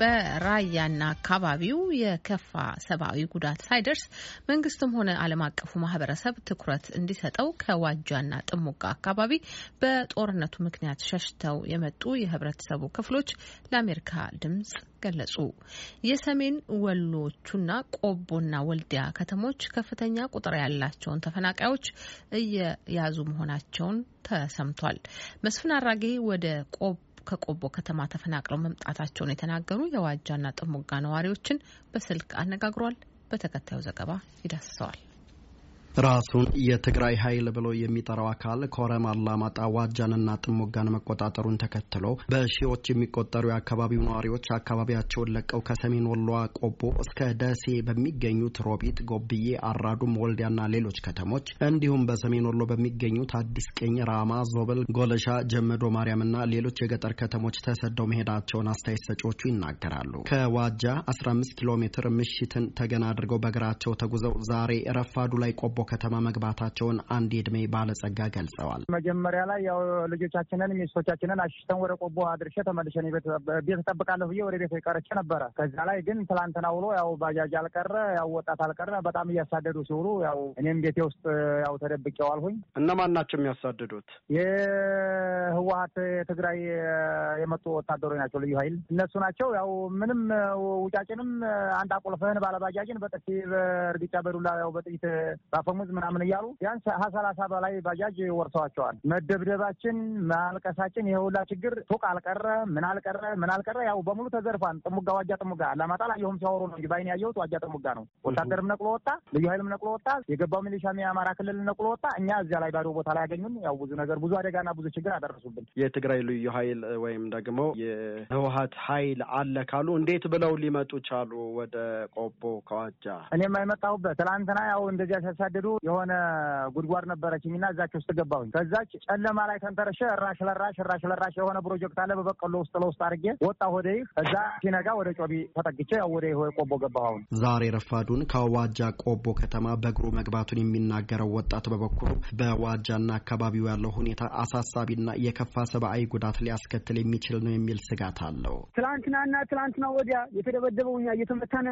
በራያና አካባቢው የከፋ ሰብአዊ ጉዳት ሳይደርስ መንግስትም ሆነ ዓለም አቀፉ ማህበረሰብ ትኩረት እንዲሰጠው ከዋጃና ጥሙጋ አካባቢ በጦርነቱ ምክንያት ሸሽተው የመጡ የህብረተሰቡ ክፍሎች ለአሜሪካ ድምጽ ገለጹ። የሰሜን ወሎቹና ቆቦና ወልዲያ ከተሞች ከፍተኛ ቁጥር ያላቸውን ተፈናቃዮች እየያዙ መሆናቸውን ተሰምቷል። መስፍን አራጌ ወደ ቆቦ ከቆቦ ከተማ ተፈናቅለው መምጣታቸውን የተናገሩ የዋጃና ጥሙጋ ነዋሪዎችን በስልክ አነጋግሯል። በተከታዩ ዘገባ ይዳስሰዋል። ራሱን የትግራይ ኃይል ብሎ የሚጠራው አካል ኮረም፣ አላማጣ፣ ዋጃንና ጥሞጋን መቆጣጠሩን ተከትሎ በሺዎች የሚቆጠሩ የአካባቢው ነዋሪዎች አካባቢያቸውን ለቀው ከሰሜን ወሎ ቆቦ እስከ ደሴ በሚገኙት ሮቢት፣ ጎብዬ፣ አራዱም፣ ወልዲያና ሌሎች ከተሞች እንዲሁም በሰሜን ወሎ በሚገኙት አዲስ ቅኝ፣ ራማ፣ ዞብል፣ ጎለሻ፣ ጀመዶ ማርያምና ሌሎች የገጠር ከተሞች ተሰደው መሄዳቸውን አስተያየት ሰጪዎቹ ይናገራሉ። ከዋጃ 15 ኪሎ ሜትር ምሽትን ተገና አድርገው በእግራቸው ተጉዘው ዛሬ ረፋዱ ላይ ቆቦ ቆቦ ከተማ መግባታቸውን አንድ የዕድሜ ባለጸጋ ገልጸዋል። መጀመሪያ ላይ ያው ልጆቻችንን ሚስቶቻችንን አሽተን ወደ ቆቦ አድርሼ ተመልሸን ቤት ጠብቃለሁ ብዬ ወደ ቤት ቀርቼ ነበረ። ከዛ ላይ ግን ትላንትና ውሎ ያው ባጃጅ አልቀረ ያው ወጣት አልቀረ በጣም እያሳደዱ ሲውሉ ያው እኔም ቤቴ ውስጥ ያው ተደብቄ ዋልሁኝ። እነማን ናቸው የሚያሳድዱት? የህወሀት ትግራይ የመጡ ወታደሮች ናቸው፣ ልዩ ኃይል እነሱ ናቸው። ያው ምንም ውጫጭንም አንድ አቁልፍህን ባለባጃጅን በጥፊ በእርግጫ በዱላ ያው በጥይት አፈሙዝ ምናምን እያሉ ቢያንስ ሀያ ሰላሳ በላይ ባጃጅ ወርሰዋቸዋል። መደብደባችን፣ ማልቀሳችን ይሄ ሁላ ችግር ሱቅ አልቀረ ምን አልቀረ ምን አልቀረ ያው በሙሉ ተዘርፋን። ጥሙጋ ዋጃ ጥሙጋ አላማጣ ላየሁም ሲያወሩ ነው እንጂ ባይን ያየሁት ዋጃ ጥሙጋ ነው። ወታደርም ነቅሎ ወጣ፣ ልዩ ኃይልም ነቅሎ ወጣ፣ የገባው ሚሊሻም የአማራ ክልል ነቅሎ ወጣ። እኛ እዚያ ላይ ባዶ ቦታ ላይ ያገኙን ያው ብዙ ነገር ብዙ አደጋና ብዙ ችግር አደረሱብን። የትግራይ ልዩ ኃይል ወይም ደግሞ የህወሀት ኃይል አለ ካሉ እንዴት ብለው ሊመጡ ቻሉ ወደ ቆቦ ከዋጃ? እኔም አይመጣሁበት ትላንትና ያው እንደዚያ ሲያሳደ እየቀደዱ የሆነ ጉድጓድ ነበረችኝ እና እዛች ውስጥ ገባሁኝ። ከዛች ጨለማ ላይ ተንተረሸ እራሽ ለራሽ እራሽ ለራሽ የሆነ ፕሮጀክት አለ በበቀሎ ውስጥ ለውስጥ አድርጌ ወጣ ወደ ይህ እዛ ሲነጋ ወደ ጮቢ ተጠግቼ ያው ወደ ይህ ቆቦ ገባሁ። አሁን ዛሬ ረፋዱን ከዋጃ ቆቦ ከተማ በእግሩ መግባቱን የሚናገረው ወጣት በበኩሉ በዋጃና አካባቢው ያለው ሁኔታ አሳሳቢና የከፋ ሰብአዊ ጉዳት ሊያስከትል የሚችል ነው የሚል ስጋት አለው። ትላንትናና ትላንትና ወዲያ የተደበደበው እኛ እየተመታነ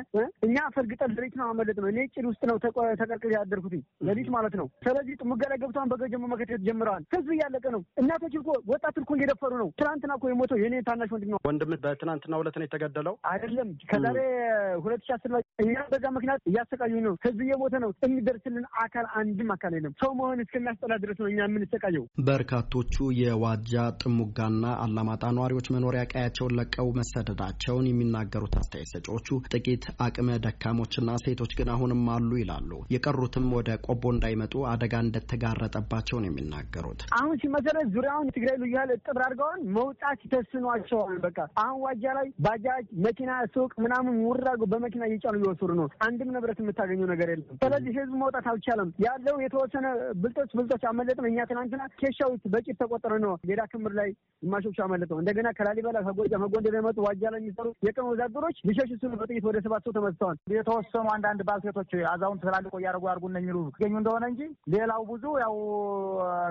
እኛ ፈርግጠል ድሬት ነው አመለጥ ነው እኔ ጭድ ውስጥ ነው ተቀርቅሬ ያደርኩት። ስለዚህ ሌሊት ማለት ነው። ስለዚህ ጥሙጋ ላይ ገብተን በገጀሞ መከተት ጀምረዋል። ህዝብ እያለቀ ነው። እናቶች እኮ ወጣት እኮ እየደፈሩ ነው። ትናንትና እኮ የሞተው የኔ ታናሽ ወንድም ነው። ወንድም በትናንትና ሁለት ነው የተገደለው አይደለም፣ ከዛሬ ሁለት ሺ አስር ላይ እኛ በዛ ምክንያት እያሰቃዩ ነው። ህዝብ እየሞተ ነው። የሚደርስልን አካል አንድም አካል የለም። ሰው መሆን እስከሚያስጠላ ድረስ ነው እኛ የምንሰቃየው። በርካቶቹ የዋጃ ጥሙጋና አላማጣ ነዋሪዎች መኖሪያ ቀያቸውን ለቀው መሰደዳቸውን የሚናገሩት አስተያየት ሰጪዎቹ ጥቂት አቅመ ደካሞችና ሴቶች ግን አሁንም አሉ ይላሉ። የቀሩትም ወደ ወደ ቆቦ እንዳይመጡ አደጋ እንደተጋረጠባቸው ነው የሚናገሩት። አሁን ሲመሰረት ዙሪያውን ትግራይ ልዩ ኃይል እጥር አድርገዋል። መውጣት ተስኗቸዋል። በቃ አሁን ዋጃ ላይ ባጃጅ፣ መኪና፣ ሱቅ ምናምን ውራ በመኪና እየጫኑ እየወሰዱ ነው። አንድም ንብረት የምታገኘው ነገር የለም። ስለዚህ ህዝብ መውጣት አልቻለም። ያለው የተወሰነ ብልጦች ብልጦች አመለጥም። እኛ ትናንትና ኬሻዎች በጭ ተቆጠረ ነው ሌላ ክምር ላይ ግማሾቹ አመለጠው። እንደገና ከላሊበላ ከጎጃ ከጎንደር የመጡ ዋጃ ላይ የሚሰሩ የቀን ወዛደሮች ሊሸሽ ስሉ በጥይት ወደ ሰባት ሰው ተመትተዋል። የተወሰኑ አንዳንድ ባልሴቶች አዛውንት ትላልቆ እያደረጉ አርጉ እነ ሲሉ ትገኙ እንደሆነ እንጂ ሌላው ብዙ ያው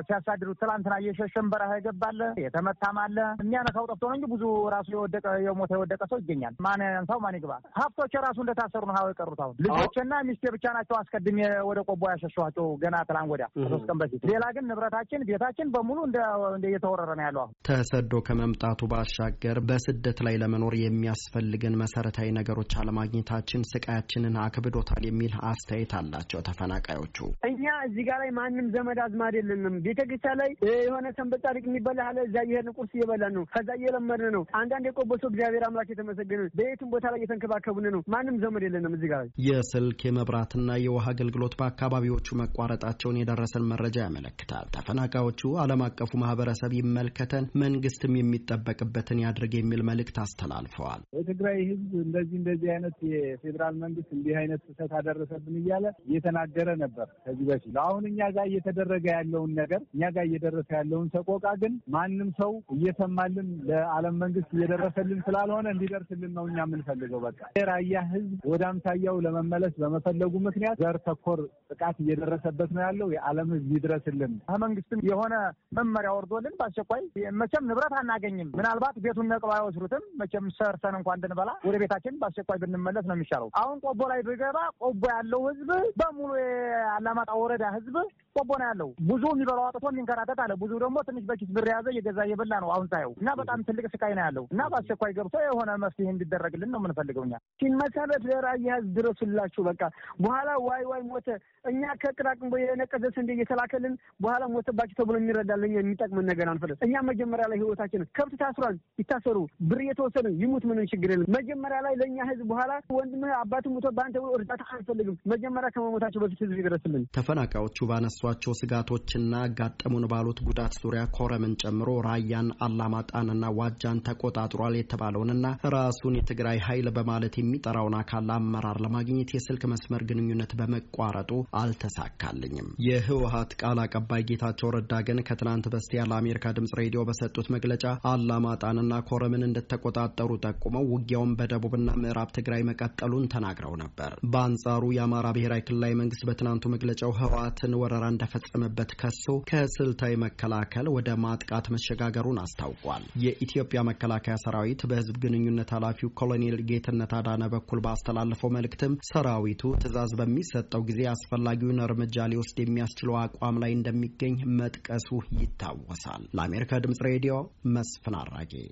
ሲያሳድሩት ትላንትና እየሸሸን በረሃ ይገባለ የተመታም አለ። የሚያነሳው ጠፍቶ ነው እንጂ ብዙ ራሱ የወደቀ የሞተ የወደቀ ሰው ይገኛል። ማን ያንሳው ማን ይግባ። ሀብቶች ራሱ እንደታሰሩ ነው የቀሩት። አሁን ልጆችና ሚስቴ ብቻ ናቸው አስቀድሜ ወደ ቆቦ ያሸሸኋቸው ገና ትላንት ወዲያ ሶስት ቀን በፊት። ሌላ ግን ንብረታችን ቤታችን በሙሉ እንደ እየተወረረ ነው ያለው። አሁን ተሰዶ ከመምጣቱ ባሻገር በስደት ላይ ለመኖር የሚያስፈልገን መሰረታዊ ነገሮች አለማግኘታችን ስቃያችንን አክብዶታል የሚል አስተያየት አላቸው ተፈናቃዮች። ተከታዮቹ። እኛ እዚህ ጋር ላይ ማንም ዘመድ አዝማድ የለንም። ክርስቲያን ላይ የሆነ ሰንበት ጻድቅ የሚበላ አለ። እዛ እየሄድን ቁርስ እየበላን ነው። ከዛ እየለመድን ነው። አንዳንድ የቆበሶ እግዚአብሔር አምላክ የተመሰገነ በየቱም ቦታ ላይ እየተንከባከቡን ነው። ማንም ዘመድ የለንም እዚህ ጋር ላይ። የስልክ የመብራትና የውሃ አገልግሎት በአካባቢዎቹ መቋረጣቸውን የደረሰን መረጃ ያመለክታል። ተፈናቃዮቹ ዓለም አቀፉ ማህበረሰብ ይመልከተን፣ መንግስትም የሚጠበቅበትን ያድርግ የሚል መልእክት አስተላልፈዋል። የትግራይ ህዝብ እንደዚህ እንደዚህ አይነት የፌዴራል መንግስት እንዲህ አይነት ስህተት አደረሰብን እያለ እየተናገረ ነበር ከዚህ በፊት። አሁን እኛ ጋር እየተደረገ ያለውን ነገር እኛ ጋር እየደረሰ ያለውን ሰቆቃ ግን ማንም ሰው እየሰማልን ለዓለም መንግስት እየደረሰልን ስላልሆነ እንዲደርስልን ነው እኛ የምንፈልገው። በቃ የራያ ህዝብ ወደ አምሳያው ለመመለስ በመፈለጉ ምክንያት ዘር ተኮር ጥቃት እየደረሰበት ነው ያለው። የዓለም ህዝብ ይድረስልን። መንግስትም የሆነ መመሪያ ወርዶልን በአስቸኳይ መቼም ንብረት አናገኝም። ምናልባት ቤቱን ነቅሎ አይወስዱትም። መቼም ሰርተን እንኳ እንድንበላ ወደ ቤታችን በአስቸኳይ ብንመለስ ነው የሚሻለው። አሁን ቆቦ ላይ ብገባ ቆቦ ያለው ህዝብ በሙሉ የአላማጣ ወረዳ ህዝብ ቆቦ ነው ያለው። ብዙ የሚበላው አጥቶ የሚንከራተት አለ። ብዙ ደግሞ ትንሽ በኪስ ብር የያዘ እየገዛ እየበላ ነው አሁን ሳየው እና በጣም ትልቅ ስቃይ ነው ያለው እና በአስቸኳይ ገብቶ የሆነ መፍትሄ እንዲደረግልን ነው የምንፈልገው። እኛ ሲመሰረት ለራያ ህዝብ ድረሱላችሁ በቃ በኋላ ዋይ ዋይ ሞተ እኛ ከቅራቅንቦ የነቀዘ ስንዴ እየተላከልን በኋላ ሞተባችሁ ተብሎ የሚረዳለን የሚጠቅመን ነገር አንፈልግ። እኛ መጀመሪያ ላይ ህይወታችን ከብት ታስሯል፣ ይታሰሩ፣ ብር እየተወሰዱ ይሙት፣ ምንም ችግር የለም። መጀመሪያ ላይ ለእኛ ህዝብ በኋላ ወንድምህ አባት ሙቶ በአንተ እርዳታ አንፈልግም። መጀመሪያ ከመሞታቸው በፊት ህዝብ ጊዜ ድረስልኝ። ተፈናቃዮቹ ባነሷቸው ስጋቶችና አጋጠሙን ባሉት ጉዳት ዙሪያ ኮረምን ጨምሮ ራያን፣ አላማጣንና ዋጃን ተቆጣጥሯል የተባለውንና ራሱን የትግራይ ኃይል በማለት የሚጠራውን አካል አመራር ለማግኘት የስልክ መስመር ግንኙነት በመቋረጡ አልተሳካልኝም። የህወሀት ቃል አቀባይ ጌታቸው ረዳ ግን ከትናንት በስቲያ ለአሜሪካ ድምጽ ሬዲዮ በሰጡት መግለጫ አላማጣንና ኮረምን እንደተቆጣጠሩ ጠቁመው ውጊያውን በደቡብና ምዕራብ ትግራይ መቀጠሉን ተናግረው ነበር። በአንጻሩ የአማራ ብሔራዊ ክልላዊ መንግስት በትናንቱ መግለጫው ህወሓትን ወረራ እንደፈጸመበት ከሶ ከስልታዊ መከላከል ወደ ማጥቃት መሸጋገሩን አስታውቋል። የኢትዮጵያ መከላከያ ሰራዊት በህዝብ ግንኙነት ኃላፊው ኮሎኔል ጌትነት አዳነ በኩል ባስተላለፈው መልእክትም ሰራዊቱ ትዕዛዝ በሚሰጠው ጊዜ አስፈላጊውን እርምጃ ሊወስድ የሚያስችለው አቋም ላይ እንደሚገኝ መጥቀሱ ይታወሳል። ለአሜሪካ ድምጽ ሬዲዮ መስፍን አራጌ